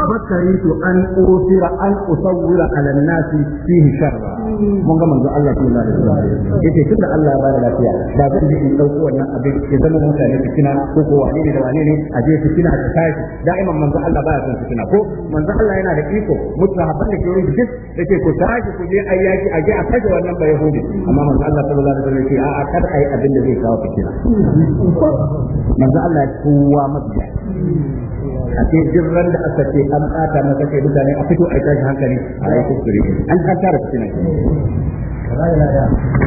ففكرت أن أوثر أن أصور على الناس فيه شرا mun ga manzo Allah sallallahu alaihi wasallam yace tunda Allah ya bada lafiya ba zan je in dauko wannan abin ya zama mutane fitina ko ko wane ne da wane ne a je fitina ta tashi da'iman manzo Allah baya son fitina ko manzo Allah yana da iko mutahabban da ke wurin duk da ke ku tashi ku a je a kashe wannan ba yahudi amma manzo Allah sallallahu alaihi ayi abin da zai kawo fitina manzo Allah kowa mabiya a ce duk ran da aka ce an bata maka ce mutane a fito a tashi hankali a yi kuskure an an tara fitina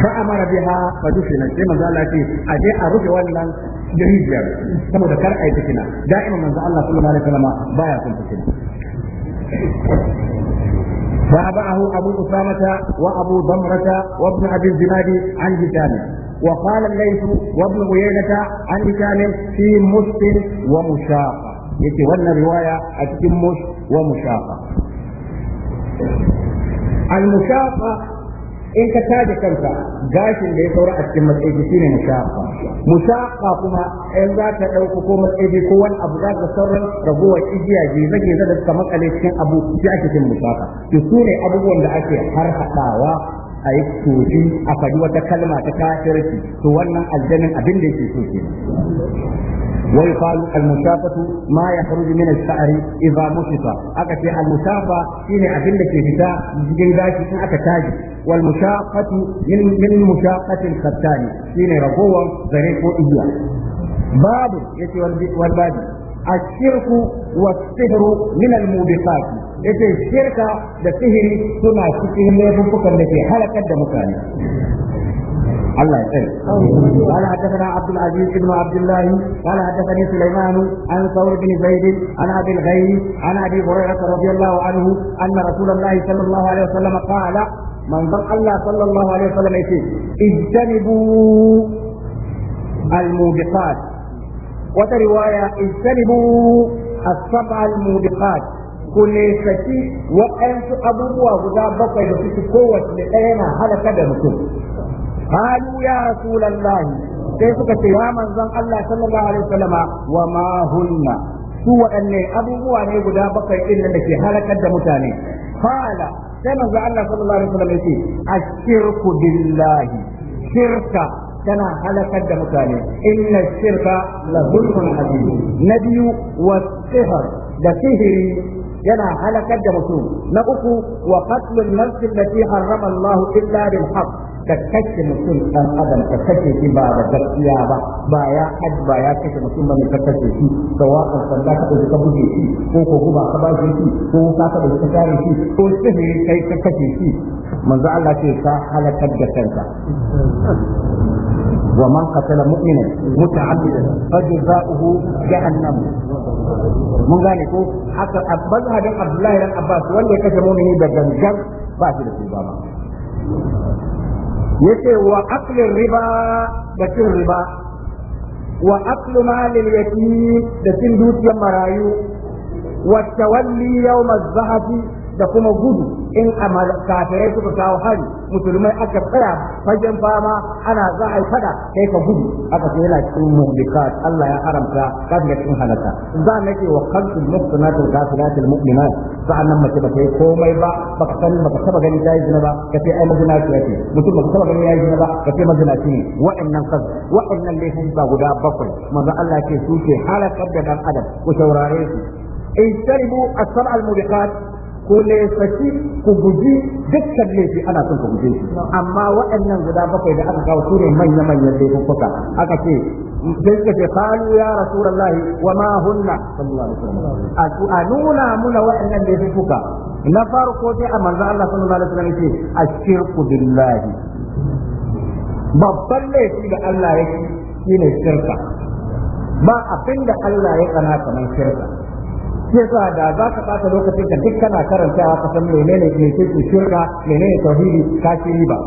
fa amara biha fa dufina sai manzo Allah ce a je a rufe wannan jahijiyar saboda kar a yi fitina da'ima manzo Allah sallallahu alaihi wasallam baya son fitina تابعه أبو أسامة وأبو ضمرة وابن أبي الزناد عن هشام وقال الليث وابن عيينة عن هشام في مسلم ومشاقة yake wannan riwaya a cikin mush wa mushafa al mushafa in ka taje kanka gashin da ya saura a cikin matsayi shine mushafa mushafa kuma in za ta dauko ko matsayi ko wani abu za ka sauran ragowar igiya geza geza da suka makale cikin abu shi ake cikin mushafa to sune abubuwan da ake har hadawa a yi tofi a faɗi wata kalma ta kafirci to wannan aljanin abin da yake so ke ويقال المشافة ما يخرج من الشعر إذا مشط أكتي المشافة شيني أبن في فتاة جن داشي شن أكتاج والمشاقة من من مشاقة الختان شيني رقوة زريق إياه باب يتي والبادي الشرك والسحر من الموبقات يتي الشركة ده سحري سنة سحر ليفوكا التي حلقت ده مكاني الله يسلم قال حدثنا عبد العزيز بن عبد الله قال حدثني سليمان عن ثور بن زيد عن ابي الغيث عن ابي هريره رضي الله عنه ان رسول الله صلى الله عليه وسلم قال من ضل الله صلى الله عليه وسلم يقول اجتنبوا الموبقات وفي روايه اجتنبوا السبع الموبقات كل شيء وانت ابوه bakwai da في قوه ɗaya na كذا da Halu ya rasulullah sai suka ce wa manzon Allah sallallahu alaihi wasallama wa ma su waɗanne abubuwa ne guda bakwai ɗin da ke halakar da mutane qala sai manzon Allah sallallahu alaihi wasallam yace ashirku billahi shirka tana halakar da mutane inna shirka la zulmun azim na biyu wa sihr da sihiri yana halakar da mutum na uku wa qatlun nafsin lati harrama illa ka kashe mutum dan adam ka kashe shi ba da gaskiya ba ba ya haj ba ya kashe mutum bane ka kashe shi sawa'an sanda ka dauki ka buge shi ko ko guba ka ba shi ko ka ka dauki ka tare shi ko sihiri kai ka kashe shi manzo Allah ce ka halakar da kanka ومن قتل مؤمنا متعمدا فجزاؤه جهنم mun gane ko haka abbas hadin abdullahi dan abbas wanda ya kashe mumini da gangan ba shi da tuba ba yace wa aklin riba da cin riba wa aqlu malil yatim da cin dukiyar marayu wa tawalli yawm az-zahfi da kuma gudu in kafirai suka kawo hari musulmai aka tsaya fagen fama ana za a yi fada sai ka gudu aka ce yana cikin muhdikat Allah ya haramta ka shiga cikin halaka za na ce wa khalqul muhsanatil ghafilatil mu'minat sa'annan mace ba yi komai ba ba ka san baka taba gani ta yi zina ba ka ce ai mazina ce ce mutum baka taba gani ya yi zina ba ka ce mazina ce ne wa'annan kaza wa'annan laifin ba guda bakwai manzo Allah ce su ke halakar da dan adam ku saurare su in taribu as-sab'al mubiqat ku nesaki ku guji dukkan laifi ana son ku guje shi amma waɗannan guda bakwai da aka kawo su ne manya-manyan laifuffuka aka ce sai suka ce qalu ya rasulullahi wa ma hunna sallallahu alaihi wasallam a nuna muna waɗannan laifuffuka na farko dai a manzo Allah sallallahu alaihi wasallam ce ashirku billahi babban laifi da Allah yake shine shirka ba abinda Allah ya tsana kamar shirka yasa da za ka ɓata lokacin ka duk kana karantawa ka san menene ne ke shirka menene tauhidi ka ci riba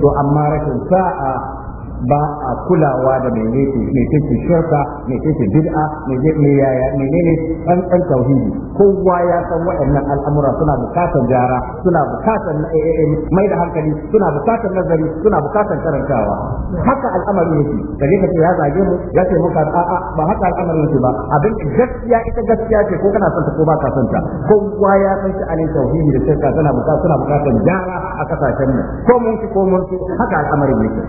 to amma rashin sa'a ba a kulawa da mai ne take shirka ne take bid'a ne yaya ne ne an an tauhidi kowa ya san waɗannan al'amura suna bukatar gyara suna bukatar eh, eh, eh, mai da hankali suna bukatar nazari suna bukatar karantawa haka al'amari yake kaje ka ce ya zage mu ya ce muka a'a ba haka al'amari yake ba abin gaskiya ita gaskiya ce ko kana son ta ko ba ka son ta kowa ya san shi alai tauhidi da shirka suna bukatar suna bukatar gyara a kasashen mu ko mun ki ko mun haka al'amari yake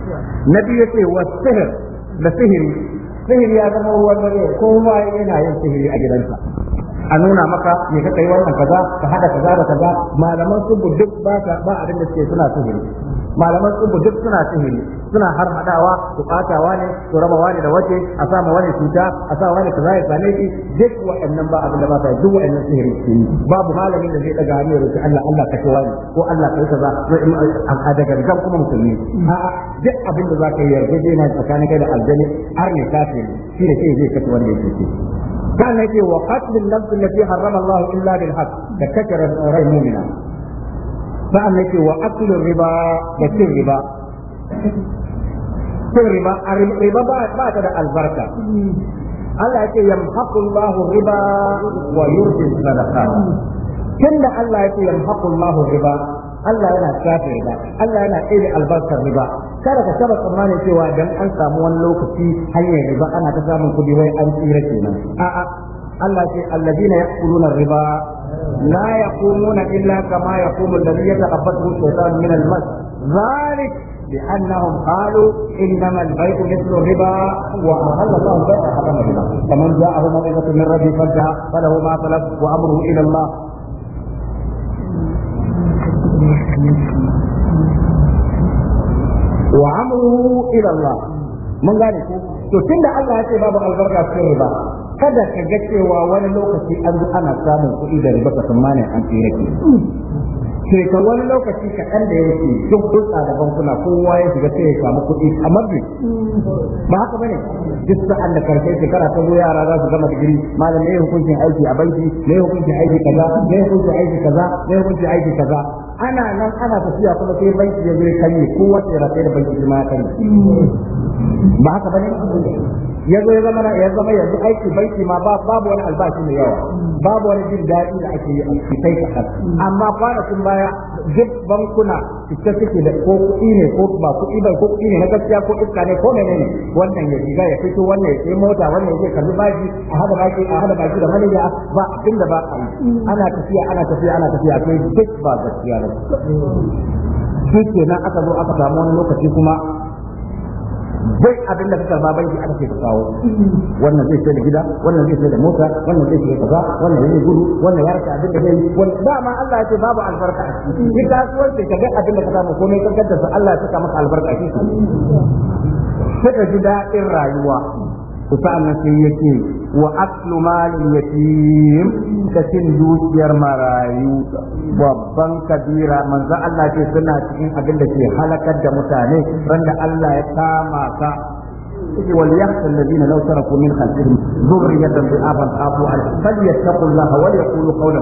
na biyu فيه والسهر لسهري سهري هذا هو الذي كل ما يجينا ينتهي لاجل الفقر a nuna maka me ka kai wannan kaza ka hada kaza da kaza malaman subu duk ba ka ba a da suke suna sihiri malaman subu duk suna sihiri suna har hadawa su batawa wani su raba wani da wace a sa wani cuta a sa wani kaza ya sane shi duk wa'annan ba abin da ba ka duk wa'annan sihiri babu malamin da zai daga hannu ya Allah Allah ka kiwa ne ko Allah kai kaza a daga gan kuma musulmi a duk abin da za ka yi yarda zai na tsakanin kai da aljani har ne kafin shi da kai zai kasu wanda yake kan yake wa qatl an-nafs allati harrama Allah illa bil haqq da kakara rai mu'mina sa'an yake wa aklu riba da cin riba cin riba riba ba ta da albarka Allah yake yamhaqu Allah riba wa yurbi sadaqat tunda Allah yake yamhaqu Allah riba Allah yana kafe riba Allah yana tsere albarkar riba kada ka saba tsammanin cewa dan an samu wani lokaci hanyar riba ana ta samun kudi wai an tsira kenan a'a Allah ce allazina yaquluna riba la yaqumuna illa kama yaqumu alladhi yataqabbathu shaytanu min al-mas ذلك لأنهم قالوا إنما البيع مثل الربا وأحل الله البيع حرم الربا فمن جاءه موعظة من ربه فادعى فله ما طلب وأمره إلى الله wa amruhu ila Allah mun gane ko to tunda Allah ya ce babu albarka cikin riba kada ka ga cewa wani lokaci an zo ana samun kuɗi da riba ka tsammanin an tsira Sai shekaru wani lokaci ka kaɗan da ya wuce duk hulɗa da bankuna kowa ya shiga sai ya samu kuɗi a mabi ba haka bane duk sa'an da karshe shekara ta zo yara za su gama digiri malam ne hukuncin aiki a banki ne hukuncin aiki kaza ne hukuncin aiki kaza ne hukuncin aiki kaza ana nan ana tafiya kuma sai banki ya zo ya kanye ko wace rafe da banki ma ya ba haka bane ya zo ya zama na ya zama yanzu aiki banki ma babu wani albashi mai yawa babu wani jin daɗi da ake yi a cikin amma kwanakin baya duk bankuna cike suke da ko kuɗi ne ko ba kuɗi ba ko kuɗi ne na gaskiya ko iska ne ko mene ne wannan ya riga ya fito wannan ya sai mota wannan ya je kalli baji a hada baki a hada baki da manaja ba abin da ba a yi ana tafiya ana tafiya ana tafiya sai duk ba gaskiya ne duk kenan aka zo aka samu wani lokaci kuma duk abin da kaka baban ki aka ce ka kawo wannan zai sai da gida wannan zai sai da mota wannan zai sai kaza wannan zai gudu wannan ya rasa abin da zai wannan dama Allah ya ce babu albarka a ciki ki kasuwar ce ka ga abin da ka samu komai kankan da Allah ya saka maka albarka a ciki sai ka ji daɗin rayuwa sa'annan sai ya ce wa aklu malin yatim da cin dukiyar marayu babban kabira manzo Allah ce suna cikin abin da ke halakar da mutane randa Allah ya kama ka وليخشى الذين لو تركوا من خلفهم ذرية ضعافا خافوا عليهم فليتقوا الله وليقولوا قولا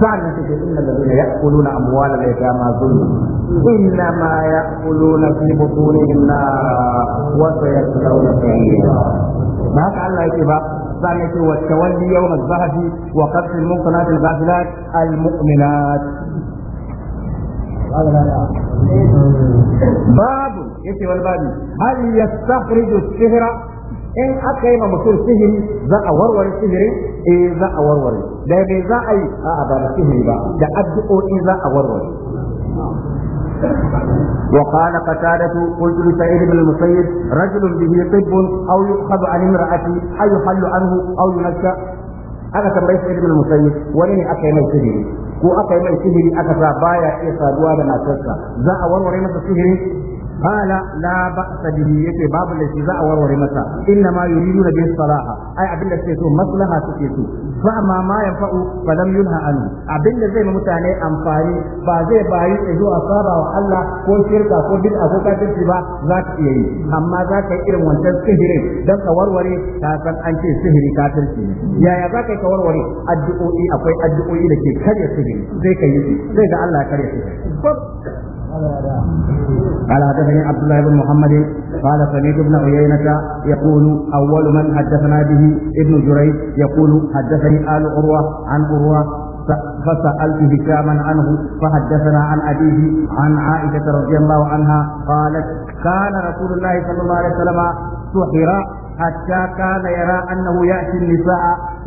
sa'annan sai ce inna ladina ya'kuluna amwala al-yatama zulman inna ma ya'kuluna fi butunihim nara wa sayaslawna sa'ira ba haka Allah yake ba sa'an yake wa tawalli yawm az-zahabi wa qatl al-munqanat al-ghafilat al-mu'minat babu yake wal babu hal yastakhriju as-sihra in aka yi ma mutum sihiri za a warware sihiri eh za a warware da me za a yi a'a ba da sihiri ba da addu'o'i za a warware وقال قتادة قلت لسعيد بن المسيب رجل به طب أو يؤخذ عن امرأة أو يحل عنه أو ينشأ أنا تنبيه سعيد بن المسيب ولين أكي مي سهري كو أكي مي سهري أكسا بايا إيسا دوالا ما تسا ذا أول وريمة سهري qala la ba'sa bihi yake babu laifi za a warware masa inna ma yuriduna bi salaha ai abinda da suke so maslaha suke so fa amma ma yanfa'u fa lam yunha anhu abin da zai mutane amfani ba zai bayi da zuwa sabawa Allah ko shirka ko bid'a ko kafirci ba za ka iya yi amma za ka yi irin wancan sihiri don ka warware ta san an sihiri kafirci yaya za ka yi ka warware addu'o'i akwai addu'o'i da ke karya sihiri sai ka yi sai ga Allah karya sihiri قال حدثني عبد الله بن محمد قال سمعت ابن عيينة يقول أول من حدثنا به ابن جريج يقول حدثني آل عروة عن عروة فسألت هشاما عنه فحدثنا عن أبيه عن عائشة رضي الله عنها قالت كان رسول الله صلى الله عليه وسلم سحر حتى كان يرى أنه يأتي النساء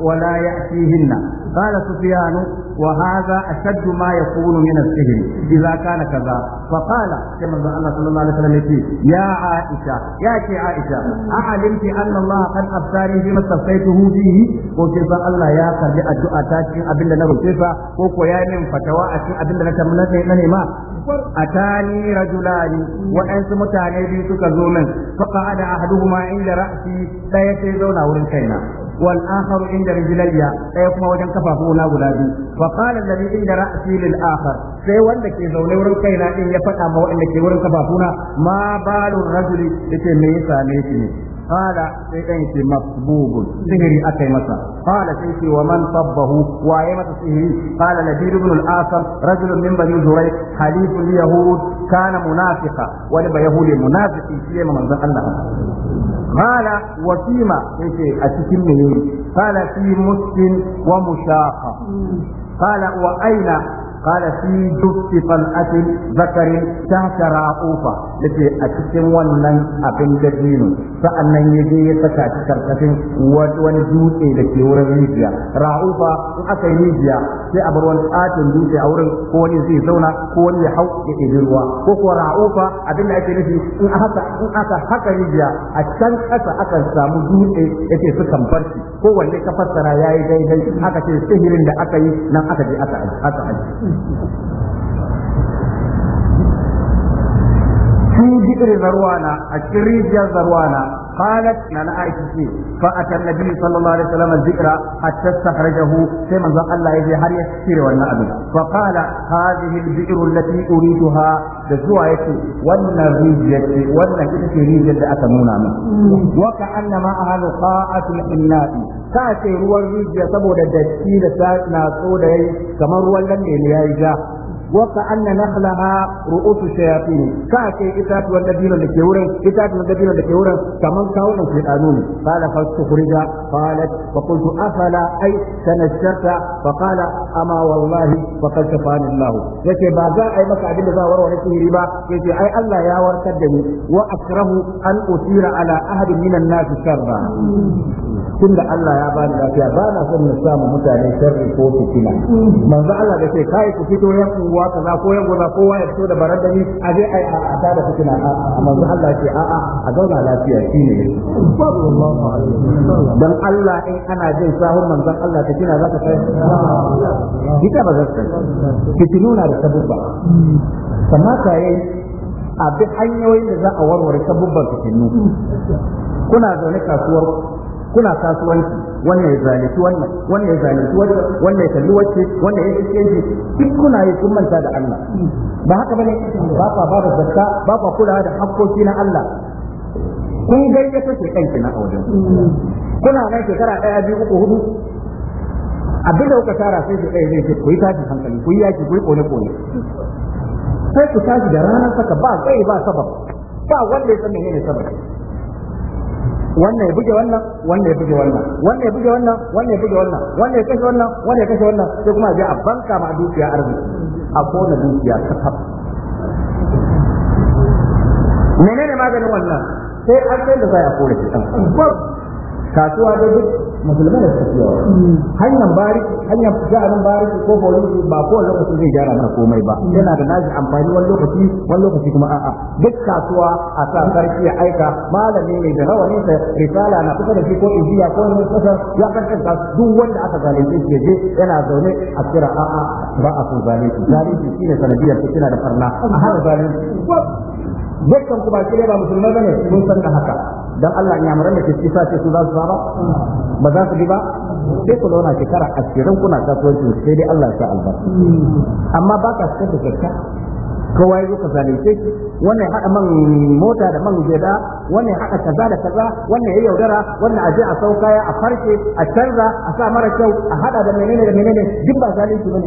ولا يأتيهن قال سفيان وهذا أشد ما يكون من السجن إذا كان كذا فقال كما الله صلى الله عليه وسلم يا عائشة يا عائشة أعلمت أن الله قد أبصاري فيما استفتيته به وكيف الله يا قد أدعتك أبن له كيف وكو يا من فتوى أكي أبن لك منهما أتاني رجلان وأنت متاني بي سكزومن فقعد أحدهما عند رأسي ɗaya sai zauna wurin kaina wal akhar inda rijlayya ɗaya kuma wajen kafafu na guda biyu fa qala da inda ra'si lil akhar sai wanda ke zaune wurin kaina din ya faɗa ma wanda ke wurin kafafuna ma balu rajuli yace me ya same shi ne قال سيدنا يتي مصبوب سهري أكي مسا قال سيدي ومن صبه وعيمة سهري قال لبير بن الآثر رجل من بني زريق حليف اليهود كان منافقا ولبا يهودي منافقي سيما من الله قال وفيما يتي أتكلم قال في مسلم ومشاقة قال وأين قال في دف طلعة ذكر تحت رعوفة لكي أتكن ونن أبن جدين فأن يجي يتكا تكرتكن ونجوت لكي ورميزيا رعوفة أكي ميزيا sai a bar wani dutse a wurin ko wani zai zauna ko wani ya hau ya ɗebi ruwa ko ko ra'ufa abinda ake nufi in aka in aka haka rijiya a can ƙasa akan samu dutse yake sukan bar shi ko wanne ka fassara yayi daidai aka ce sihirin da aka yi nan aka je fi bi'ir zarwana a cikin rijiyar zarwana قالت انا عائشه فاتى النبي صلى الله عليه وسلم الذكرى حتى استخرجه كما قال الله يجي هل يكثر ولا ابي فقال هذه البئر التي اريدها دزوا يتي ولا ريجتي ولا كتي ريجت aka nuna min wa ka annama ahlu qa'atul innati ka ce ruwan rijiya saboda datti da na so da yayi kamar ruwan lamme ne yayi ja وكأن نخلها رؤوس الشياطين كاكي إتات والدبيل لكيورا إتات والدبيل لكيورا كمان كون في القانون قال فاستخرج قالت فقلت أفلا أي تنشرت فقال ba والله فقد شفاني الله يكي za أي مسعى بن ذا ورور ربا يكي أي الله يا وركده وأكره an أثير على أحد من الناس شرا tunda Allah ya bani lafiya ba na son na samu mutane sharri ko fitina manzo Allah da ke kai ku fito yan uwa kaza ko yan goza kowa ya fito da barandani a je ai a ta da fitina a manzo Allah ce a a a zauna lafiya shine dan Allah in ana jin sahun manzon Allah ta kina za ka kai ita ba za ka kai da sabubba kamata yayi a bi hanyoyin da za a warware sabubban fitinu kuna zaune kasuwar kuna kasuwanci wannan ya zalunci wannan wannan ya zalunci wannan wannan ya kalli wacce wannan ya iske shi duk kuna yi kun manta da Allah ba haka bane ba ka ba da zakka ba ka kula da hakkoki na Allah kun gaida kake kanki na aure kuna nan shekara ɗaya biyu uku hudu abinda da kuka tara sai ku tsaye zai ce ku yi tashi hankali ku yi yaki ku yi kone kone sai ku tashi da ranar saka ba tsaye ba sabab ba wanda ya san ne sabab wannan ya buge wannan wannan ya buge wannan wannan ya buge wannan wannan ya buge wannan wannan ya kashe wannan wannan ya kashe wannan sai kuma je a banka ma dukiya arziki a kona dukiya kakaf menene maganin wannan sai an sai da za a kore shi kasuwa da duk musulmai da suke yawa hanyar bari hanyar nan bari ko polisi ba ko lokaci zai gyara mana komai ba yana da naji amfani wani lokaci wani lokaci kuma a'a duk kasuwa a sa sarki ya aika malami ne da rawani sa risala na kusa da shi ko injiya ko wani kasar ya karkanta duk wanda aka zalunce shi je yana zaune a kira a'a ba a son zalunci zalunci shine sanadiyar kina da farna a hana zalunci dukkan kuma kire ba musulmai bane mun san da haka dan Allah ya murar da ke isa ce su za su saba ba za su bi ba sai ku zauna shekara ashirin kuna kasuwancin sai dai Allah ya sa albarka amma ba ka fitar da zakka kowa ya zo ka zalunce shi wannan haɗa man mota da man gida wannan haɗa kaza da kaza wannan ya yaudara wannan aje a sau kaya a farce a canza a sa mara kyau a haɗa da menene da menene duk ba zalunci ne.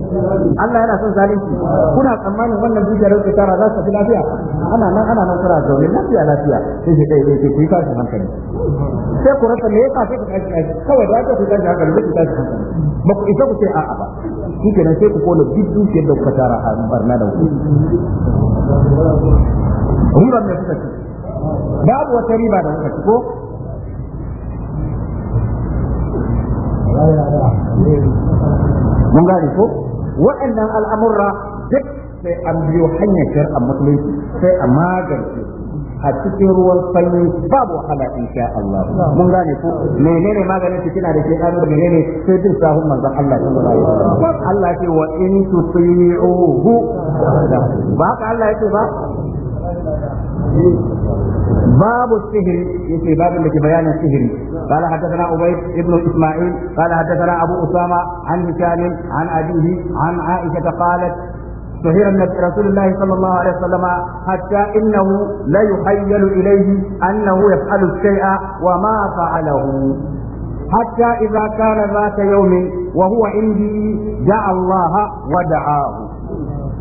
Allah yana son zalunci kuna tsammanin wannan dukiyar da tara za su fi lafiya ana nan ana nan kuna zaune lafiya lafiya sai shi ɗaya ɗaya ku yi tashin hankali sai ku rasa me yasa sai ku tashi tashi kawai da aka ku tashi hankali ku tashi hankali ba ku isa ku ce a'a ba shi kenan sai ku kona duk dukiyar da kuka tara a barna da ku ribar da kuka ci babu wata riba da kuka ci ko mun gane ko waɗannan al'amurra duk sai an biyo hanyar a musulunci sai a magance a cikin ruwan sanyi babu wahala insha Allah mun gane ko menene maganin fitina da shi? an menene sai bin sahun manzon Allah sallallahu alaihi wasallam Allah ce wa in tuti'uhu ba ka Allah yake ba باب السهر في باب اللي بيان السهر قال حدثنا عبيد بن اسماعيل قال حدثنا ابو اسامه عن هشام عن ابيه عن عائشه قالت ظهير رسول الله صلى الله عليه وسلم حتى إنه لا يخيل إليه أنه يفعل الشيء وما فعله حتى إذا كان ذات يوم وهو عندي دعا الله ودعاه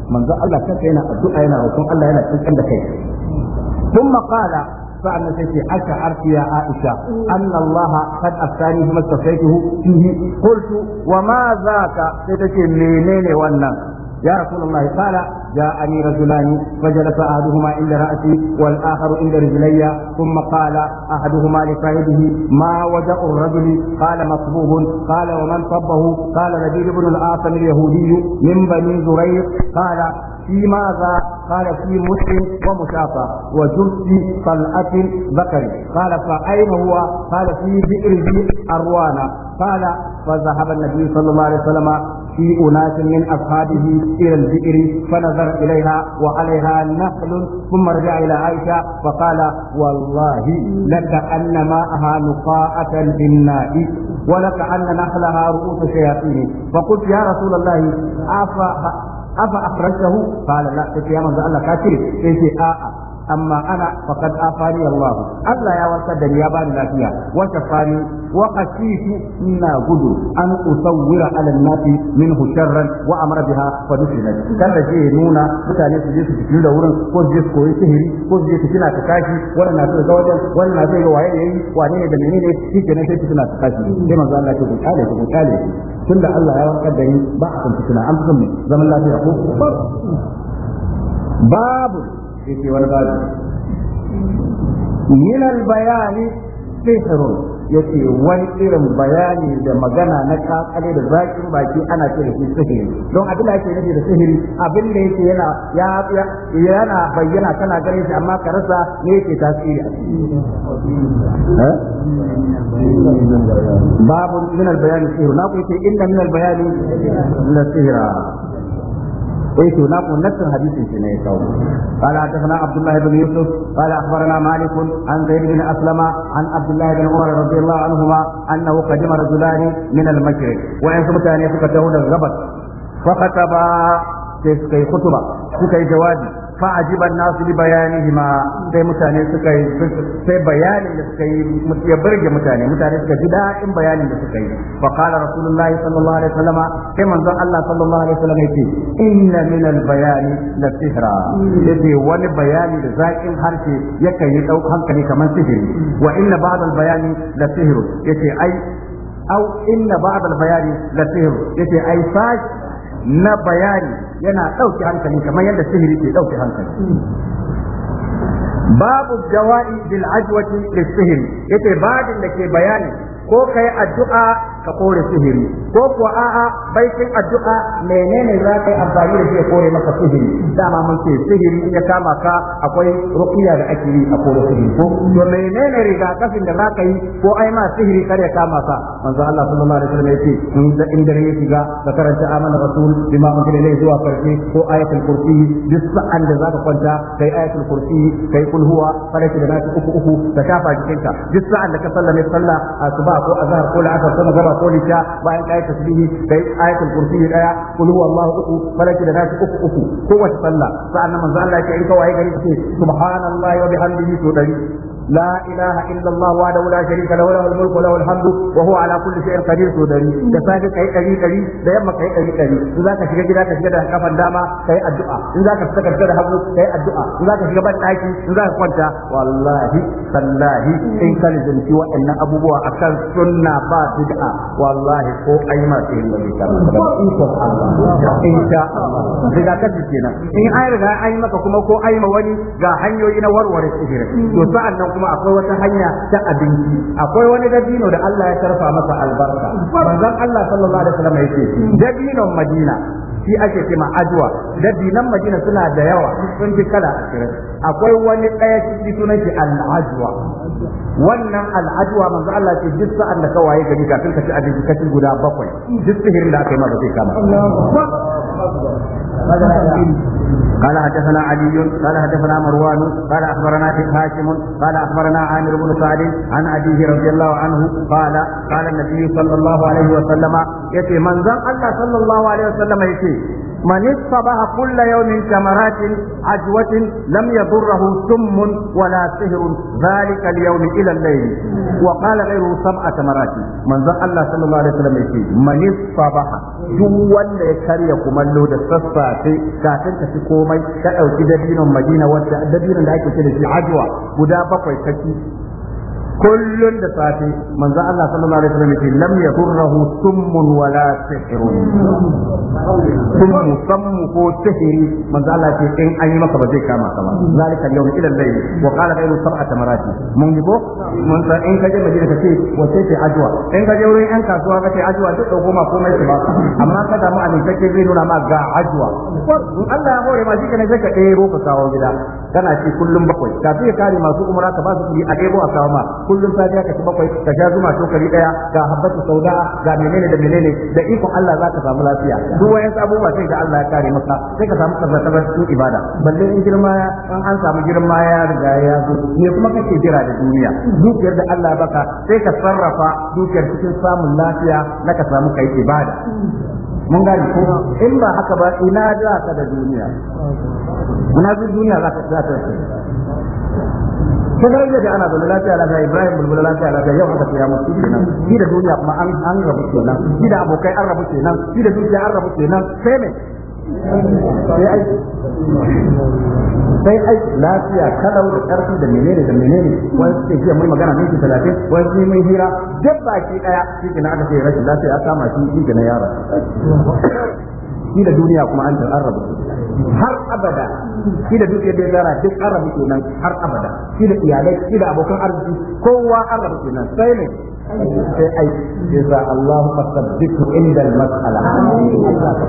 من ذا الله كان هنا الدعاء هنا وكم الله هنا تسأل ثم قال sa'an nan sai ce aka arfi ya Aisha anna Allah kad asani kuma tafaitu fihi qultu wa ma zaka sai tace menene wannan يا رسول الله قال جاءني رجلان فجلس احدهما عند راسي والاخر عند رجلي ثم قال احدهما لصاحبه ما وجع الرجل قال مصبوب قال ومن صبه قال نبيل بن العاصم اليهودي من بني زريق قال في ماذا قال في مسلم ومشافى وجرس طلعة بكر قال فأين هو قال في بئر ذي أروانا قال فذهب النبي صلى الله عليه وسلم في أناس من أصحابه إلى البئر فنظر إليها وعليها نخل ثم رجع إلى عائشة فقال والله لك أن ماءها نقاءة بالناء ولك أن نخلها رؤوس الشياطين فقلت يا رسول الله أفأخرجته قال لا يا من الله كاتب إيه آه amma ana faqad afani Allah Allah ya warkar da ni ya bani lafiya wa shafani wa qashitu ina gudu an usawwira ala nati minhu sharran wa amara biha fa dusina kada je nuna mutane su je su fiti da wurin ko je su koyi sihiri ko je su kina ta kashi wannan na so ga wajen wannan na so ga waye yayi wane ne da menene kike kenan sai fitina ta kashi sai manzo Allah ya ce ku kale ku kale tunda Allah ya warkar da ni ba a san fitina an fi son zaman lafiya ko babu yake wani babu min bayani sihrun yace wani irin bayani da magana na kakale da zakin baki ana ce da shi sihiri don abin da yake nufi da sihiri abin da yake yana ya yana bayyana kana gare shi amma ka rasa ne yake tasiri babu min bayani sihru na ku ce inna min bayani na sihra اي تو ناكو نفس الحديث سنة يكو قال حدثنا عبد الله بن يوسف قال اخبرنا مالك عن زيد بن اسلم عن عبد الله بن عمر رضي الله عنهما انه قدم رجلان من المشرق وان سمتان يفقدون الغبط فخطبا كيف خطبه كيف جوابي fa'ajiban nasu li bayanihima sai mutane suka yi sai bayanin da suka yi ya burge mutane mutane suka ji daɗin bayanin da suka yi fa qala rasulullahi sallallahu alaihi wasallam sai manzon Allah sallallahu alaihi wasallam yace inna min al bayani la sihra yace wani bayani da zakin harshe yakan yi dau hankali kamar sihiri wa inna ba'd al bayani la sihru yace ai au inna ba'd al bayani la sihru yace ai sashi na bayani yana ɗauke hankali kamar yadda sihiri ke ɗauke hankali babu jawa'i bil ajwati lis sihiri yace babin da ke bayani ko kai addu'a ka kore sihiri ko kuwa a'a baitin addu'a menene za ka yi amfani da shi ya kore maka sihiri dama mun ce sihiri in ya kama ka akwai rukiya da ake yi a kore sihiri ko to menene rigakafin da za ka yi ko ai ma sihiri kar ya kama ka manzo Allah sallallahu alaihi wasallam yace in da in dare ya shiga ka karanta amana rasul bima mun kire zuwa farki ko ayatul kursi duk sa'an da za ka kwanta kai ayatul kursi kai kul huwa farki da nasu uku uku ka shafa jikinka duk sa'an da ka sallame sallah asuba ko azhar ko la'asar sama gaba ko lisha bayan da tasbihi kai ayatul kursi daya kul huwa uku falaki da nasi uku uku kowace sallah sa'annan manzo Allah ya in ka waye gari ce لا إله إلا الله وحده لا شريك له له الملك وله الحمد وهو على كل شيء قدير سوداني da safe kai dari dari da yamma kai dari dari in zaka shiga gida ka shiga da kafan dama kai addu'a in zaka fita ka shiga da hagu kai addu'a in zaka shiga ban daki in zaka kwanta wallahi sallahi ka lizinci waɗannan abubuwa akan sunna in sha Allah riga ka kenan in ai riga ai maka kuma ko ai ma wani ga hanyoyi na warware kuma akwai wata hanya ta abinci akwai wani dabino da Allah ya tarfa masa albarka manzon Allah sallallahu alaihi wasallam yake dabinon Madina shi ake ce ma ajuwa dabinan madina suna da yawa sun fi kala ashirin akwai wani ɗaya ciki sunan shi wannan al'ajuwa manzo Allah ce duk sa'an da ka waye gari kafin ka ci abinci kashi guda bakwai duk sihirin da aka yi ma ba zai kama قال حدثنا علي قال حدثنا مروان قال اخبرنا هاشم قال اخبرنا عامر بن سعد عن ابيه رضي الله عنه قال قال النبي صلى الله عليه وسلم يتي من ذا الله صلى الله عليه وسلم يتي ce manis sabaha kulla yawmin tamaratin ajwatin lam yadurruhu summun wala sihrun zalika al-yawm ila al-layl wa qala ghayru sab'a tamarati manzo Allah sallallahu alaihi wasallam yace manis sabaha duk wanda ya karya kumallo da sassafe kafin ta fi komai ta dauki dabinon madina wanda da ake ce da shi ajiwa guda bakwai kaci kullun da safe manzo Allah sallallahu alaihi wasallam yake lam yadurruhu summun wala sihrun summun sammu ko sihiri manzo Allah yake in an yi maka ba zai kama ka ba zalika yawm ila layl wa qala ghayru sab'ati marati mun yi bo mun san in kaje madina ka ce wace ce ajwa in kaje wurin yan kasuwa ka ce ajwa duk dauko ma komai su ba amma kada mu amin take zai nuna ma ga ajwa in Allah ya hore ma shi kana zaka ɗebo ka kawo gida kana ci kullum bakwai kafin ka kare masu umra ka ba su kuɗi a ɗebo a kawo ma kullum safiya ka ci bakwai ka sha zuma tokari daya ga habbatu sauda ga menene da menene da ikon Allah za ka samu lafiya duk wayan abubuwa sai da Allah ya kare maka sai ka samu tabbatar cikin ibada balle in girma an samu girma ya riga ya zo me kuma kake jira da duniya dukiyar da Allah ya baka sai ka sarrafa dukiyar cikin samun lafiya na ka samu kai ibada mun gani ko in ba haka ba ina da ka da duniya muna duniya za ka za daga yadda da ana zaune lafiya lafiya Ibrahim bulbula lafiya lafiya yau haka ya mutu kenan shi da duniya kuma an an rabu kenan shi da abokai an rabu kenan shi da duniya an rabu kenan sai me sai aiki sai aiki lafiya kalau da karfi da menene da menene wani suke jiya mun magana minti talatin wani su mun hira duk baki daya shi kenan aka ce rashin lafiya ya kama shi shi kenan yara shi da duniya kuma an rabu har abada shi da dukiyar da ya tara duk an rabu kenan har abada shi da iyalai shi da abokan arziki kowa an rabu kenan sai ne sai ai jaza Allah fasaddiqu inda al-mas'ala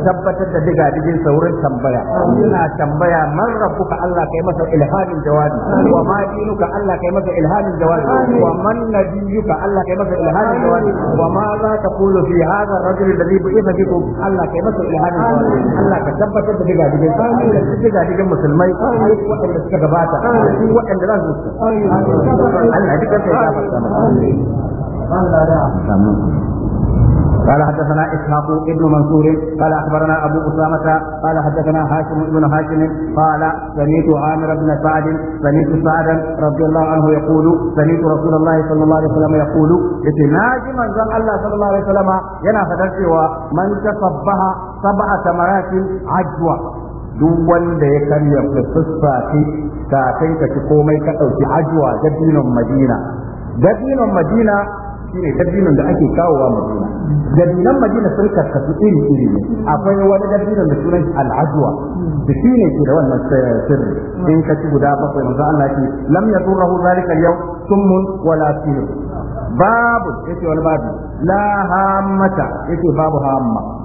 tabbatar da diga digin saurin tambaya ina tambaya man rabbuka Allah kai masa ilhamin jawabi wa ma dinuka Allah kai masa ilhamin jawabi wa man nabiyuka Allah kai masa ilhamin jawabi wa ma za taqulu fi hadha ar-rajul alladhi bu'itha Allah kai masa ilhamin jawabi Allah ka tabbatar da diga digin diga digin musulmai ai waɗanda suka gabata su waɗanda za su Allah duka sai ya fara قال حدثنا اسحاق بن منصور قال اخبرنا ابو اسامه قال حدثنا هاشم بن هاشم قال سمعت عامر بن سعد سمعت سعدا رضي الله عنه يقول سمعت رسول الله صلى الله عليه وسلم يقول يتناجي من زم الله صلى الله عليه وسلم ينا فدرسي من تصبها سبع ثمرات عجوة duk wanda ya karya fasassafi ta kai ka ci komai ka ɗauki ajuwa dabinon madina dabinon madina shine dabinon da ake kawowa madina dabinan madina sun karkasu iri iri ne akwai wani dabinon da sunan al'ajuwa da shine ke da wannan sirri in ka ci guda bakwai manzo Allah ya ce lam rahu, zalika yau, summun wala sirr babu yace wani babu la hammata yace babu hamma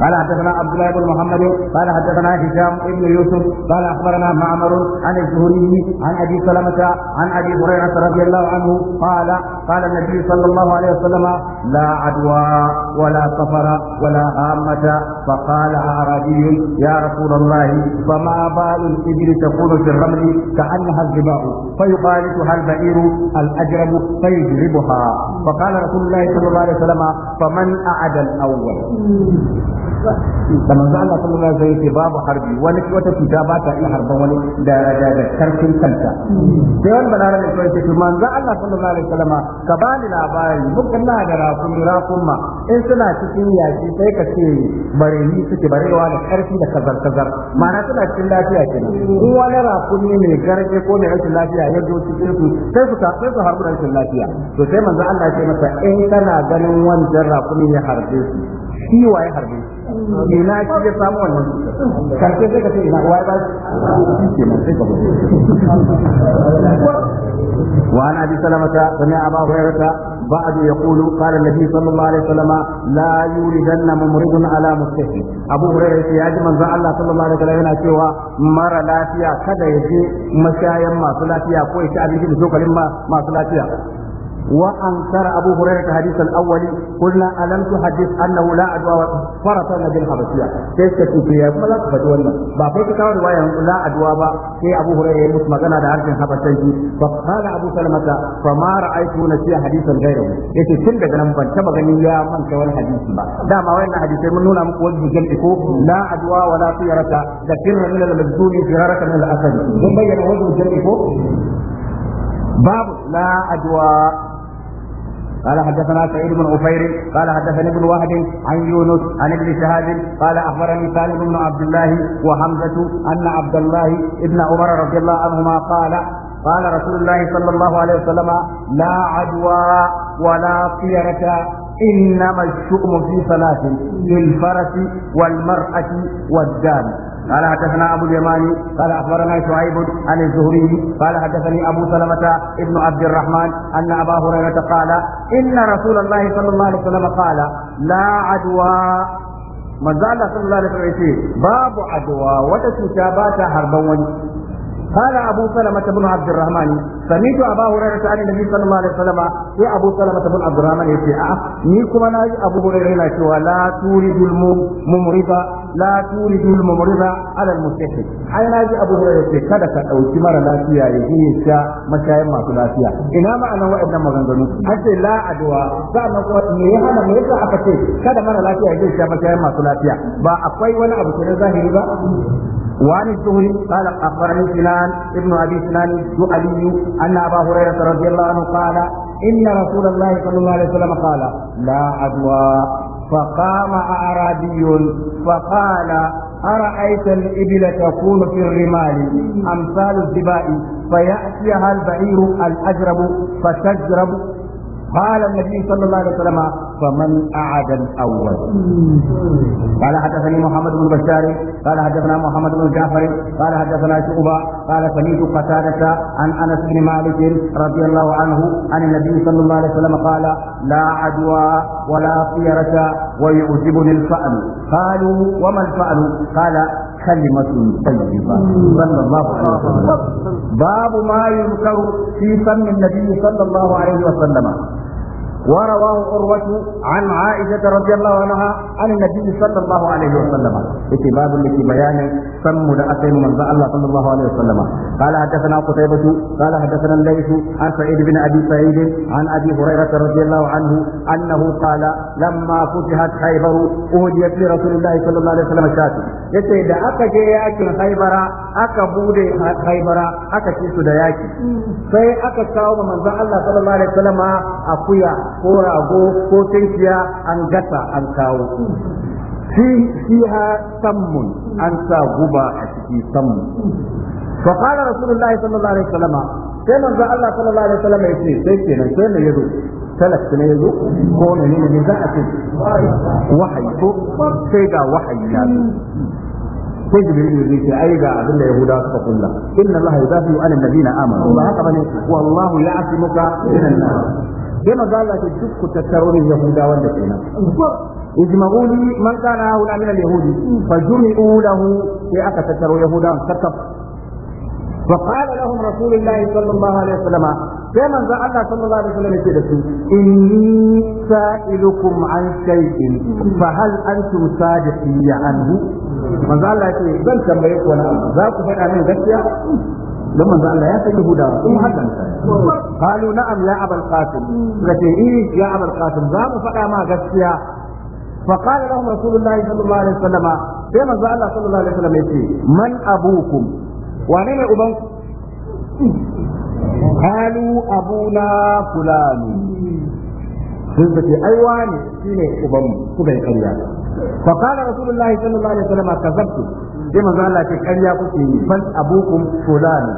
قال حدثنا عبد الله بن محمد قال حدثنا هشام بن يوسف قال اخبرنا معمر عن الزهري عن ابي سلمه عن ابي هريره رضي الله عنه قال قال النبي صلى الله عليه وسلم لا عدوى ولا سفر ولا هامة فقال أعرابي يا رسول الله فما بال الإبل تكون في الرمل كأنها الظباء فيقالتها البعير الأجرب فيجربها فقال رسول الله صلى الله عليه وسلم فمن أعد الأول da manzo Allah sallallahu alaihi wasallam babu harbi wani wata cuta ba ta iya harban wani da da da karfin kanta sai wani bana ne sai ce manzo Allah sallallahu alaihi wasallam ka ba ni labari mun kana da rakun ma. in suna cikin yaji sai ka ce bare ni suke wa da karfi da kazar kazar ma'ana suna cikin lafiya nan in wani rakun ne garke ko mai rashin lafiya ya zo cikin su sai su sai su harbu rashin lafiya to sai manzo Allah ya ce masa in kana ganin wannan rakun ya harbe su shi waye harbe ina shi ya samu wannan karfe sai ka ce ina wai ba shi ke nan sai ka bari وعن ابي سلمه سمع ابا هريره بعد يقول قال النبي صلى الله عليه وسلم لا يولدن ممرض على مستحي ابو هريره يا من الله صلى الله عليه وسلم yana cewa mara lafiya kada ya je masayan masu lafiya ko ya ci abinci da cokalin masu lafiya وأنكر أبو هريرة حديث الأول قلنا ألم تحدث أنه لا أدواء فرطنا بالحبشية كيف تكفي يا ملا فتولنا بعدك كان رواية لا أدواء في أبو هريرة يمس مغنى دارك حبشية فقال أبو سلمة فما رأيت نسي حديثا غيره يتي كل دغنا من تبا غني يا من كوان حديث با دا ما وين حديث من نونا مكو وجه جلكو لا أدواء ولا طيرة ذكر من المجدون فرارة من الأسد ثم بين وجه جلكو باب لا أدواء قال حدثنا سعيد بن عفير قال حدثني ابن وهب عن يونس عن ابن شهاب قال اخبرني سالم بن عبد الله وحمزه ان عبد الله ابن عمر رضي الله عنهما قال قال رسول الله صلى الله عليه وسلم لا عدوى ولا طيرة إنما الشؤم في ثلاث للفرس والمرأة والدام قال حدثنا ابو اليماني قال اخبرنا شعيب عن الزهري قال حدثني ابو سلمه ابن عبد الرحمن ان ابا هريره قال ان رسول الله صلى الله عليه وسلم قال لا عدوى manzo Allah sallallahu alaihi wasallam yace babu adwa wata cuta ba ta harban wani قال أبو سلمة بن عبد الرحمن سمعت أبا هريرة عن النبي صلى الله عليه وسلم يا أبو سلمة بن عبد الرحمن يقول أه نيكم أنا أبو هريرة لا تورد الممرض لا تورد الممرض على المستحيل أي ناجي أبو هريرة كذا كأوتي مرة لا فيها يجيني شاء مشايا ما كلا فيها إنما أنا وإبن مغنغنو حتى لا أدوى فأنا قلت ميهانا ميهانا أكتب كذا مرة لا فيها يجيني شاء مشايا ما كلا فيها ba akwai wani abu ke na zahiri ba وعن الزهري قال اخبرني سنان ابن ابي سنان الدؤلي ان ابا هريره رضي الله عنه قال ان رسول الله صلى الله عليه وسلم قال لا عدوى فقام اعرابي فقال أرأيت الإبل تكون في الرمال أمثال الزباء فيأتيها البعير الأجرب فتجرب قال النبي صلى الله عليه وسلم فمن أعد الأول قال حدثني محمد بن بشار قال حدثنا محمد بن جعفر قال حدثنا شعبة قال سمعت قتادة عن أنس بن مالك رضي الله عنه عن النبي صلى الله عليه وسلم قال لا عدوى ولا طيرة ويعجبني الفأل قالوا وما الفأل قال كلمة طيبة صلى الله عليه وسلم باب ما يذكر في فم النبي صلى الله عليه وسلم ورواه عروة عن عائشة رضي الله عنها عن النبي صلى الله عليه وسلم اتباب لك بيان سم لأسين من الله صلى الله عليه وسلم قال حدثنا قتيبة قال حدثنا الليث عن سعيد بن أبي سعيد عن أبي هريرة رضي الله عنه أنه قال لما فتحت خيبر أهديت لرسول الله صلى الله عليه وسلم الشاة yace da aka je yakin haibara aka bude haibara aka ci su da yaki sai aka kawo manzon Allah sallallahu alaihi wasallam akuya ko rago ko tinkiya an gasa an kawo shi shi ha sammun an sa guba a ciki sammun fa qala rasulullahi sallallahu alaihi wasallam sai manzo Allah sallallahu alaihi wasallam yace sai ke nan sai ne yazo talak ne yazo ko ne ne ne za a ce wahayi ko sai ga wahayi ya sai jibril ne ce ai ga abin da yahuda suka kulla inna allaha yudafi an nabina amanu ba haka bane wallahu ya'simuka minan nas sai magana ta duk ku tattaro yahuda wanda ke nan ijma'uli man kana huna min yahudi fa jumi'u sai aka tattaro yahuda sarka fa qala lahum rasulullahi sallallahu alaihi wasallam sai man za Allah sallallahu alaihi wasallam ke da su inni sa'ilukum an shay'in fa hal antum sadiqin ya anhu manzo Allah ya zan tambayi ku na za ku faɗa min gaskiya don manzo Allah ya san Yahudawa sun hakan qalu na'am ya abul qasim suka ce eh ya abul qasim za mu faɗa ma gaskiya fa qala lahum rasulullahi sallallahu alaihi wasallam sai manzo Allah sallallahu alaihi wasallam yace man abukum Wa ne uban qalu abuna fulani sun ce ai wani shine uban ku bai karya fa qala rasulullahi sallallahu alaihi wasallam kazabtu sai manzo Allah ce ƙarya kuke yi bal abukum fulani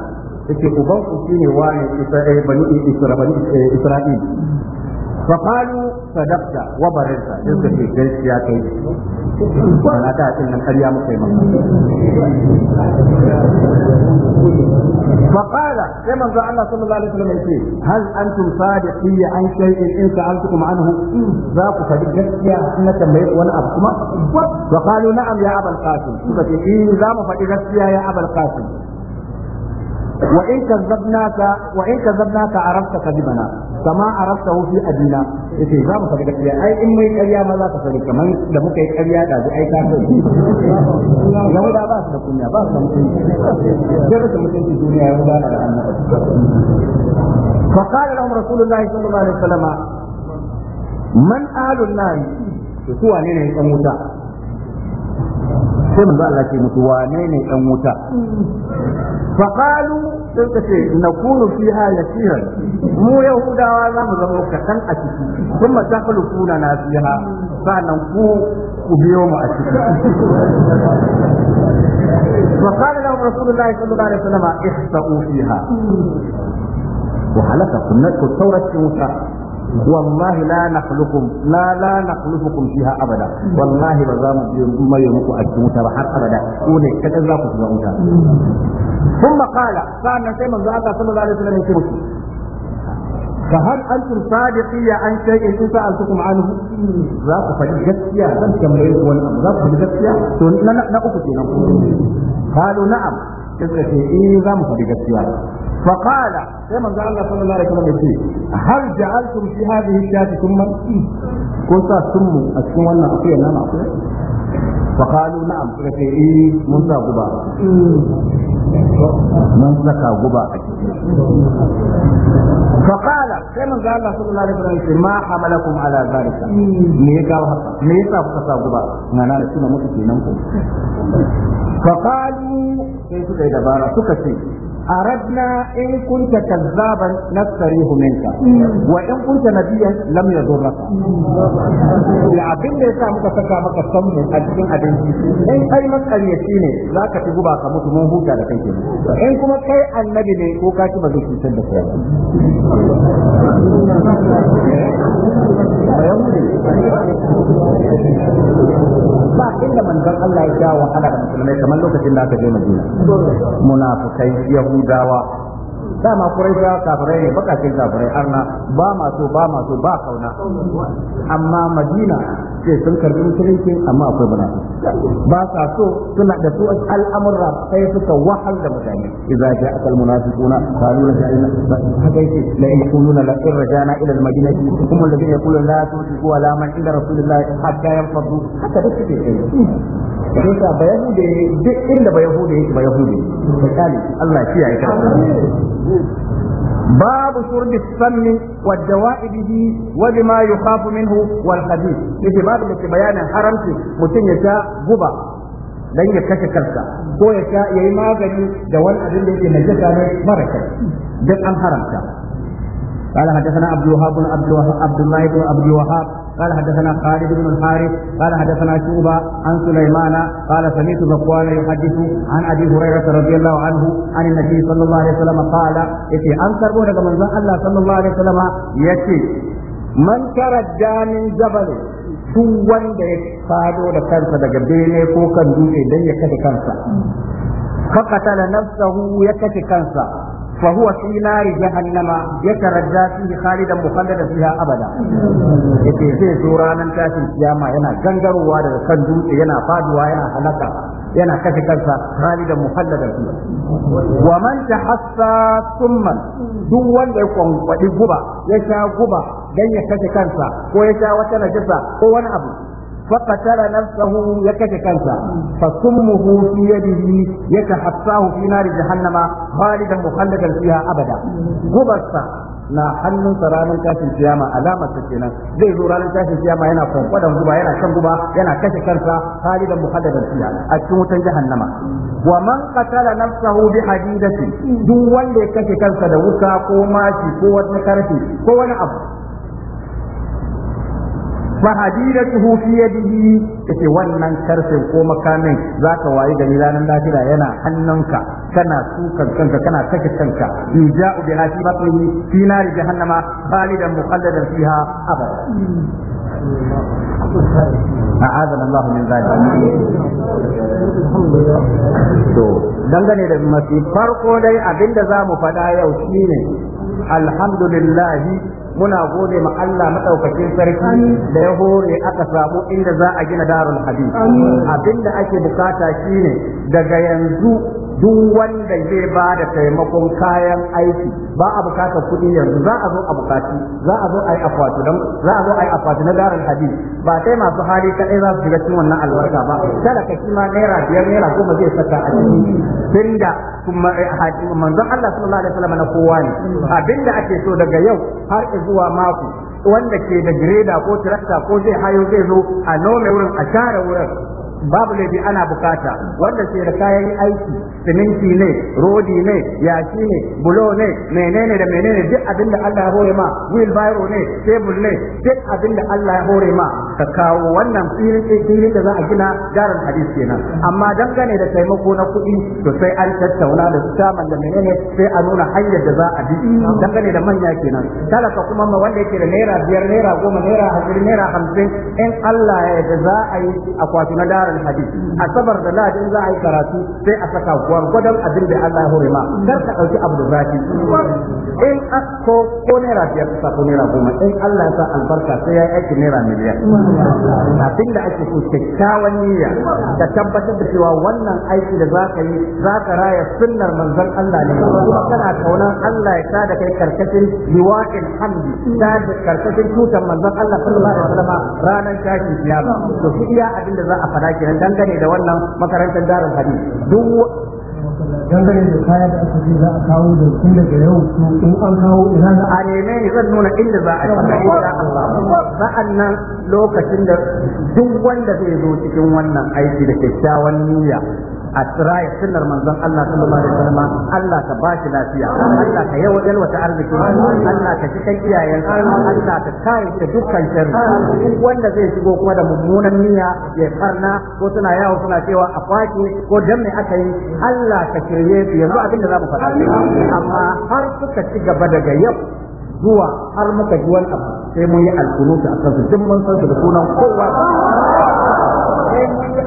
yake uban ku shine wani eh, eh, isra'il bani isra'il فقالوا صدقت وبررت يسكت في جلس يا كي وانا تاتي من الحرية مقيمة فقال كما قال الله صلى الله عليه وسلم هل انتم صادقين عن شيء ان سالتكم عنه ذاك صدق يا ان تميت وانا ابكم فقالوا نعم يا ابا القاسم فكي اذا ما يا ابا القاسم وان كذبناك وان كذبناك عرفت كذبنا kama a dina. adina yace za mu faɗi gaskiya ai in mai karya ma za ka sani kamar da muka yi ƙarya da zai aika ka yau da ba su da kunya ba su da mutunci sai rasa mutunci duniya ya gudana da annabi فقال لهم رسول الله صلى الله عليه وسلم من آل النار سوى نين يتموتا sai manzo Allah ce mutu wane ne dan sai ka ce na kunu fi haya shiran mu yahudawa za mu zama kasan a ciki sun mata kalu kuna na fi ha sa'annan ku ku biyo mu a ciki wa kana da rasulullahi sallallahu alaihi wasallam ihsa'u fiha wa halaka kunna ku tawrat ki musa wallahi la nakhluqukum la la nakhluqukum fiha abada wallahi ba za mu maye muku a ba har abada ko ne kada za ku ثم قال قال sai manzo Allah sallallahu alaihi wasallam ya فهل انتم صادقية عن شيء ان سالتكم عنه؟ ذاك فجدتيا لم تملك ولا ذاك فجدتيا لا لا قالوا نعم suka ce eh za mu faɗi gaskiya faƙala sai manzo Allah sallallahu alaihi wasallam ce har ja'altum fi hadhihi shati thumma ko sa sunmu a cikin wannan akuya nan akuya faƙalu na'am suka ce eh mun sa guba mun saka guba a ciki faƙala sai manzo Allah sallallahu alaihi wasallam ce ma hamalakum ala zalika me ya kawo me ya sa kuka sa guba ngana da kuma mutu kenan ko faƙalu sai suka yi dabara suka ce أردنا إن كنت كذابا نستريح منك وإن كنت نبيا لم يضرك لعبين ليس muka saka maka samu a cikin abinci in kai makaryaci ne za ka ci guba ka mutu mun huta da in kuma kai annabi ne ko ba da inda manzon Allah ya ja wahala da musulmai kamar lokacin da aka je Madina munafukai yahu yahudawa dama quraisha kafirai ne bakakin kafirai arna ba ma so ba ma so ba kauna amma madina ce sun karbi musulunci amma akwai bana ba sa so suna da su al'amurra sai suka wahal da mutane idza ja'aka al-munafiquna qalu la ja'alna haka yake la yaquluna la in rajana ila al-madinati hum alladhina yaquluna la tusiku wa la man ila rasulillah hatta yanfadu haka duk suke kai don ka bayahude duk inda ba bayahude yake bayahude misali Allah ya kiyaye ka باب شرب السم والدواء به وبما يخاف منه والخبيث في باب لك بيان حرمتي متين يشاء غبا dan ya kashe هو ko ya sha yayi magani da wani abin da yake najasa ne mara kai قال حدثنا عبد الوهاب بن عبد الله بن عبد الوهاب قال حدثنا خالد بن الحارث قال حدثنا شعبة عن سليمان قال سمعت ذكوان يحدث عن أبي هريرة رضي الله عنه عن النبي صلى الله عليه وسلم قال إتي أنكر بونك من الله صلى الله عليه وسلم يتي من ترجى من جبل duk wanda ya fado da kansa daga bene ko kan dutse don ya kashe kansa. Fakatala nafsahu ya kashe kansa فهو في نار جهنم يترجى فيه خالدا مخلدا فيها ابدا yake zai zo ranar tashin kiyama yana gangarowa daga kan dutse yana faduwa yana halaka yana kashe kansa khalidan muhalladan fiha wa manta tahassa thumma duk wanda ya kwankwadi guba ya sha guba dan ya kashe kansa ko ya sha wata ko wani abu فقتل نفسه يكتكنسا فسمه في يده يتحصاه في نار جهنم خالدا مخلدا فيها أبدا غبصا na hannun sa ranar tashin kiyama alamar ta kenan zai zo ranar tashin kiyama yana kwankwadan guba yana shan guba yana kashe kansa halidan da fiya a cikin wutan jahannama wa man qatala nafsahu bi hadidati duk wanda ya kashe kansa da wuka ko mashi ko wata karfi ko wani abu fahadidatuhu fi yadihi yace wannan karfin ko makamin zaka wayi gari ranar lafiya yana hannunka kana sukan kanka kana sake kanka yuja'u bi hati batnihi fi nari jahannama khalidan mukhalladan fiha abada أعاذنا الله من ذلك dangane da masu farko dai abinda za mu faɗa yau shine alhamdulillahi muna gode ma Allah madaukakin sarki da ya hore aka samu inda za a gina darul hadith abinda ake bukata shine daga yanzu duk wanda zai ba da taimakon kayan aiki ba a bukata kuɗi yanzu za a zo a bukaci za a zo a yi akwati za a zo a yi na darul hadi ba sai masu hali kaɗai za su shiga cikin wannan albarka ba kada ka ma naira biyar naira goma zai saka a ciki tunda kuma eh, manzon Allah sallallahu alaihi wasallam na kowa ne abinda ake so daga yau har zuwa mako wanda ke da greda ko tractor ko zai hayo zai zo a nome wurin a share wurin babu laifi ana bukata wanda ke da kayan aiki siminti ne rodi ne yaki ne bulo ne menene da menene duk abin da Allah ya hore ma wheel biro ne table ne duk abin da Allah ya hore ma ka kawo wannan filin filin da za a gina garan hadis kenan amma dangane da taimako na kuɗi to sai an tattauna da saman da menene sai a nuna hanyar da za a bi dangane da manya kenan talaka kuma ma wanda yake da naira biyar naira goma naira hamsin naira hamsin in Allah ya yarda za a yi akwati na dara. ahlul hadith asabar da ladin za a yi karatu sai a saka gwargwadon abin da Allah ya horima kar ka dauki abu da zaki in ko ko naira biyar ka ko naira goma in Allah ya sa albarka sai ya yi aiki naira miliyan abin da ake so kyakkyawan niyya ka tabbatar da cewa wannan aiki da za ka yi za ka raya sunnar manzon Allah ne kuma kana kaunan Allah ya sa da kai karkashin liwa'il hamdi ta da karkashin cutar manzon Allah sallallahu alaihi wasallam ranar tashi kiyama to shi iya abin da za a fada kenan dangane da wannan makarantar darul hadith duk dangane da kayan da aka za a kawo da tun daga yau in an kawo ina za a neme ne zan nuna inda za a tafi insha Allah sa'an nan lokacin da duk wanda zai zo cikin wannan aiki da kyakkyawan niyya a tsiraya sunnar manzon Allah sallallahu alaihi wasallam Allah ka bashi lafiya Allah ka yawa yalwata arziki Allah ka ji iyayen Allah ka kare ta dukkan sharri wanda zai shigo kuma da mummunan niyya ya farna ko suna yawo suna cewa a kwaki ko dan me aka yi Allah ka kirye su yanzu abin da za mu faɗa amma har suka ci gaba daga yau zuwa har muka ji wani abu sai mun yi alkunuta a kansu duk mun san da sunan kowa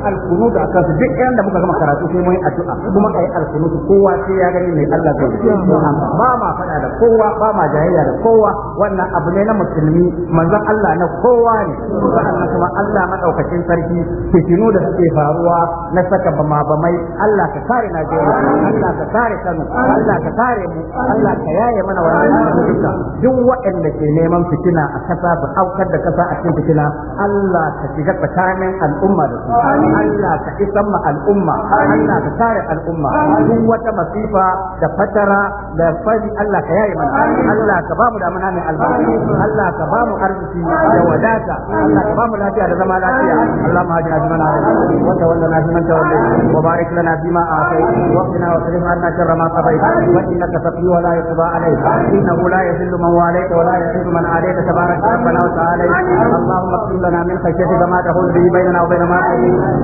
alkunut a kansu duk yan da muka gama karatu sai mun yi addu'a kuma kai alkunut kowa sai ya gani mai Allah zai yi ba ma fada da kowa ba ma jayayya da kowa wannan abu ne na musulmi manzon Allah na kowa ne sannan kuma Allah madaukakin sarki fitinu da suke faruwa na saka bama bamai Allah ka kare Najeriya Allah ka kare Kano Allah ka kare mu Allah ka yaye mana wannan duk waɗanda ke neman fitina a kasa ba aukar da kasa a cikin fitina Allah ka shiga tsakanin al'umma da su Allah ka isan ma al'umma Allah ka kare al'umma duk wata masifa da fatara da fari Allah ka yaye mana Allah ka bamu da mana mai albarka Allah ka bamu arziki da wadata Allah ka bamu lafiya da zama lafiya Allahumma hajina bi mana wa tawallana bi man tawallai wa barik lana bima a'tait wa qina wa sarif anna sharra ma qadait wa innaka taqdi wa la yuqda alayk innahu la yadhillu man walayta wa la yu'izzu man adayta tabarak rabbana wa ta'ala اللهم اغفر لنا من خشيتك ما تهون به بيننا وبين ما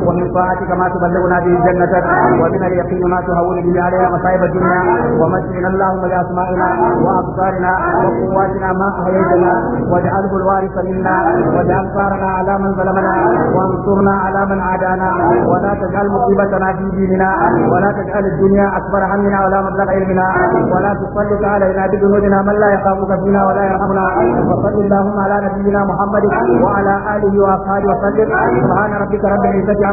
ومن طاعتك ما تبلغنا به جنتك ومن اليقين ما تهون به علينا مصائب الدنيا ومتعنا اللهم باسمائنا وابصارنا وقواتنا ما احييتنا واجعله الوارث منا واجعل ثارنا على من ظلمنا وانصرنا على من عادانا ولا تجعل مصيبتنا في ديننا ولا تجعل الدنيا اكبر همنا ولا مبلغ علمنا ولا تسلط علينا بذنوبنا من لا يخافك فينا ولا يرحمنا وصل اللهم على نبينا محمد وعلى اله واصحابه وسلم سبحان ربك رب العزه